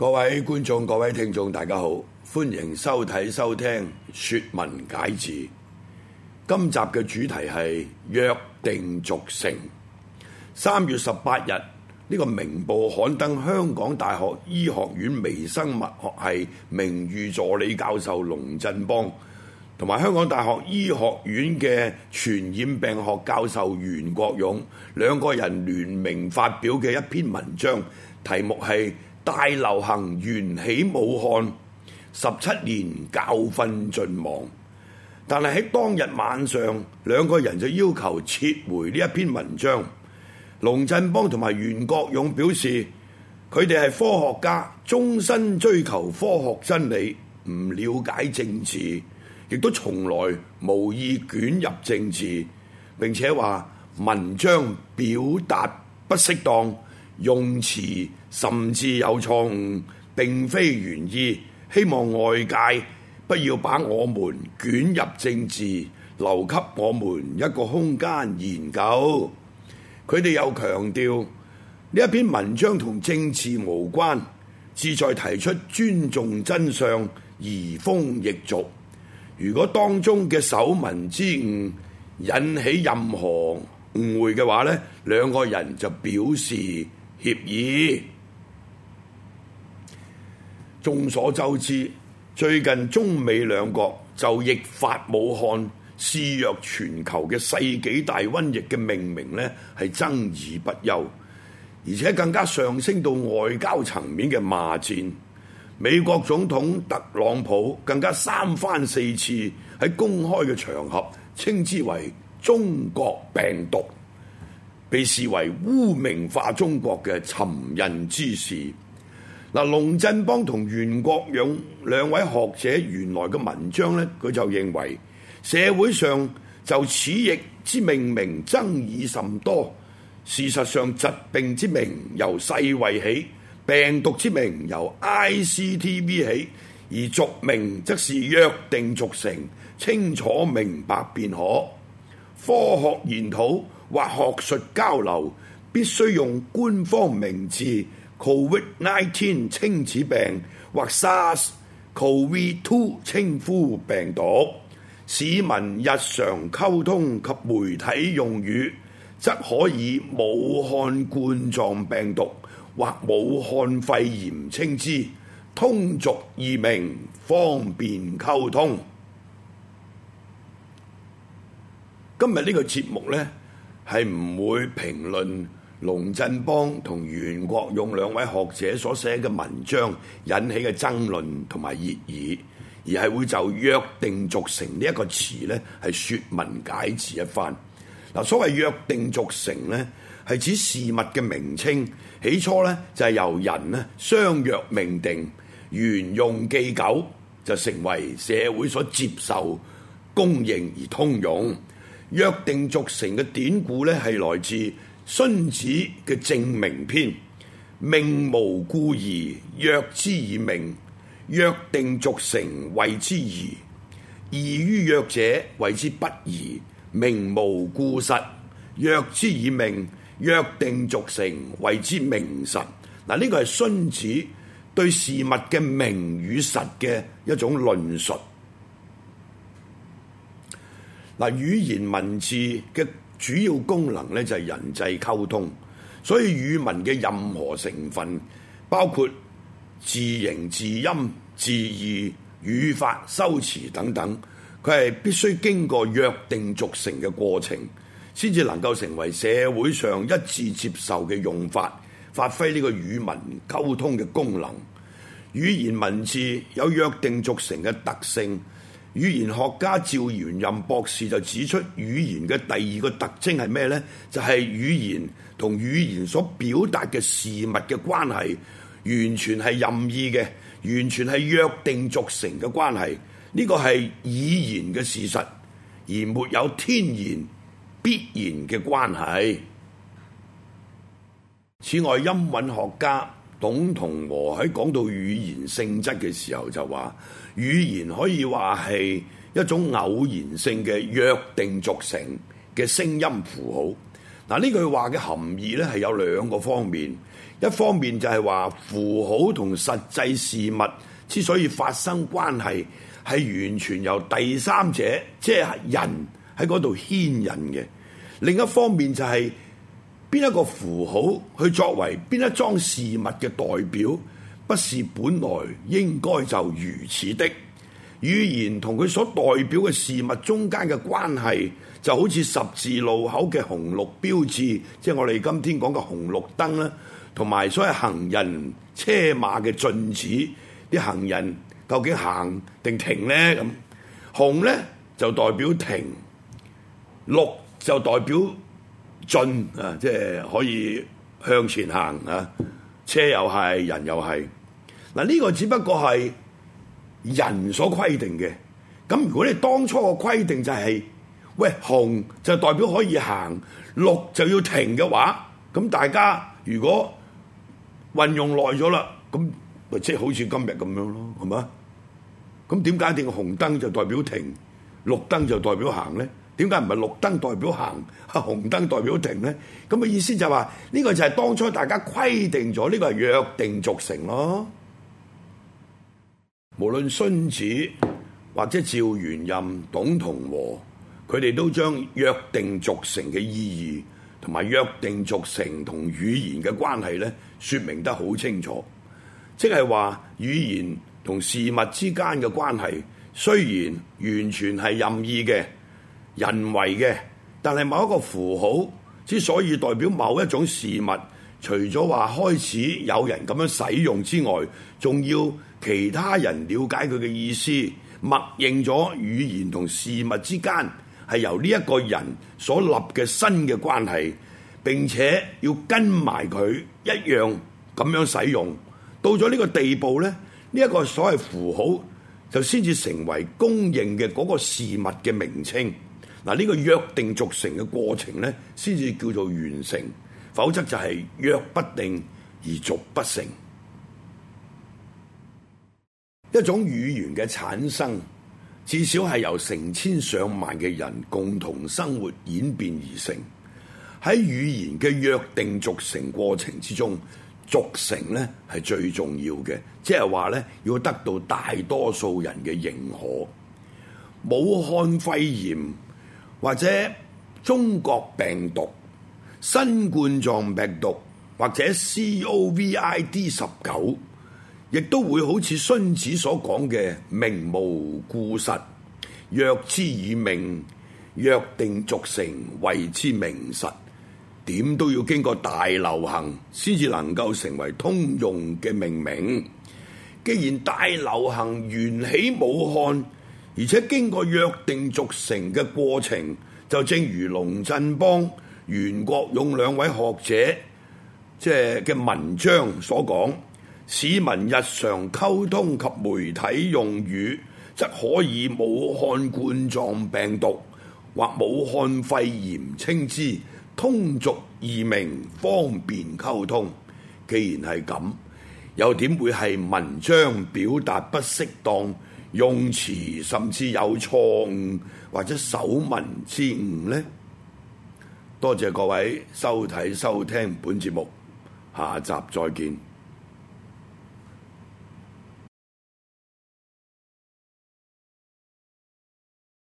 各位觀眾、各位聽眾，大家好，歡迎收睇收聽《説文解字》。今集嘅主題係約定俗成。三月十八日呢個明報刊登香港大學醫學院微生物學系名譽助理教授龍振邦，同埋香港大學醫學院嘅傳染病學教授袁國勇兩個人聯名發表嘅一篇文章，題目係。大流行源起武漢，十七年教訓盡忘。但係喺當日晚上，兩個人就要求撤回呢一篇文章。龍振邦同埋袁國勇表示，佢哋係科學家，終身追求科學真理，唔了解政治，亦都從來無意捲入政治，並且話文章表達不適當。用詞甚至有錯誤，並非原意。希望外界不要把我們捲入政治，留給我們一個空間研究。佢哋又強調呢一篇文章同政治無關，志在提出尊重真相，移風易俗。如果當中嘅手民之誤引起任何誤會嘅話，呢兩個人就表示。協議，眾所周知，最近中美兩國就疫發武漢、肆虐全球嘅世紀大瘟疫嘅命名呢，係爭議不休，而且更加上升到外交層面嘅罵戰。美國總統特朗普更加三番四次喺公開嘅場合稱之為中國病毒。被視為污名化中國嘅尋人之事。嗱，龍振邦同袁國勇兩位學者原來嘅文章呢，佢就認為社會上就此役之命名爭議甚多。事實上，疾病之名由世衛起，病毒之名由 ICTV 起，而俗名則是約定俗成，清楚明白便可科學研討，或學術交流必須用官方名字 COVID-19 稱此病，或 SARS-CoV-2 稱呼病毒。市民日常溝通及媒體用語則可以武漢冠狀病毒或武漢肺炎稱之，通俗易明，方便溝通。今日呢個節目呢，係唔會評論龍振邦同袁國勇兩位學者所寫嘅文章引起嘅爭論同埋熱議，而係會就約定俗成呢一、這個詞呢，係説文解字一番。嗱，所謂約定俗成呢，係指事物嘅名稱，起初呢，就係、是、由人呢相約命定，沿用既久就成為社會所接受、公認而通用。約定俗成嘅典故咧，係來自荀子嘅正名篇。命無故而約之以命，約定俗成為之宜；易於約者為之不宜。名無故實，約之以命，約定俗成為之名實。嗱，呢個係荀子對事物嘅名與實嘅一種論述。嗱，語言文字嘅主要功能咧就係人際溝通，所以語文嘅任何成分，包括字形、字音、字義、語法、修辭等等，佢係必須經過約定俗成嘅過程，先至能夠成為社會上一致接受嘅用法，發揮呢個語文溝通嘅功能。語言文字有約定俗成嘅特性。語言學家趙元任博士就指出，語言嘅第二個特徵係咩呢？就係、是、語言同語言所表達嘅事物嘅關係完，完全係任意嘅，完全係約定俗成嘅關係。呢個係已然嘅事實，而沒有天然必然嘅關係。此外，音韻學家，董同和喺講到語言性質嘅時候就，就話語言可以話係一種偶然性嘅約定俗成嘅聲音符號。嗱，呢句話嘅含義咧，係有兩個方面。一方面就係話符號同實際事物之所以發生關係，係完全由第三者，即係人喺嗰度牽引嘅。另一方面就係、是邊一個符號去作為邊一樁事物嘅代表，不是本來應該就如此的。語言同佢所代表嘅事物中間嘅關係，就好似十字路口嘅紅綠標誌，即係我哋今天講嘅紅綠燈啦，同埋所謂行人車馬嘅進止，啲行人究竟行定停呢？咁紅呢，就代表停，綠就代表進啊，即係可以向前行啊！車又係，人又係。嗱、啊，呢、這個只不過係人所規定嘅。咁如果你當初個規定就係、是、喂紅就代表可以行，綠就要停嘅話，咁大家如果運用耐咗啦，咁即係好似今日咁樣咯，係嘛？咁點解定紅燈就代表停，綠燈就代表行咧？點解唔係綠燈代表行，紅燈代表停呢？咁嘅意思就係話，呢個就係當初大家規定咗，呢個係約定俗成咯。無論荀子或者趙元任、董同和，佢哋都將約定俗成嘅意義同埋約定俗成同語言嘅關係咧，説明得好清楚，即係話語言同事物之間嘅關係，雖然完全係任意嘅。人為嘅，但係某一個符號之所以代表某一種事物，除咗話開始有人咁樣使用之外，仲要其他人了解佢嘅意思，默認咗語言同事物之間係由呢一個人所立嘅新嘅關係，並且要跟埋佢一樣咁樣使用。到咗呢個地步呢，呢一個所謂符號就先至成為公認嘅嗰個事物嘅名稱。嗱，呢個約定俗成嘅過程咧，先至叫做完成，否則就係約不定而俗不成。一種語言嘅產生，至少係由成千上萬嘅人共同生活演變而成。喺語言嘅約定俗成過程之中，俗成咧，係最重要嘅，即係話咧，要得到大多數人嘅認可。武漢肺炎。或者中國病毒、新冠狀病毒或者 COVID-19，亦都會好似荀子所講嘅名無固實，約之以命，約定俗成為之名實。點都要經過大流行先至能夠成為通用嘅命名。既然大流行源起武漢。而且經過約定俗成嘅過程，就正如龍振邦、袁國勇兩位學者即嘅文章所講，市民日常溝通及媒體用語，則可以武漢冠狀病毒或武漢肺炎稱之，通俗易明，方便溝通。既然係咁，又點會係文章表達不適當？用詞甚至有錯誤或者手文之誤呢？多謝各位收睇收聽本節目，下集再見。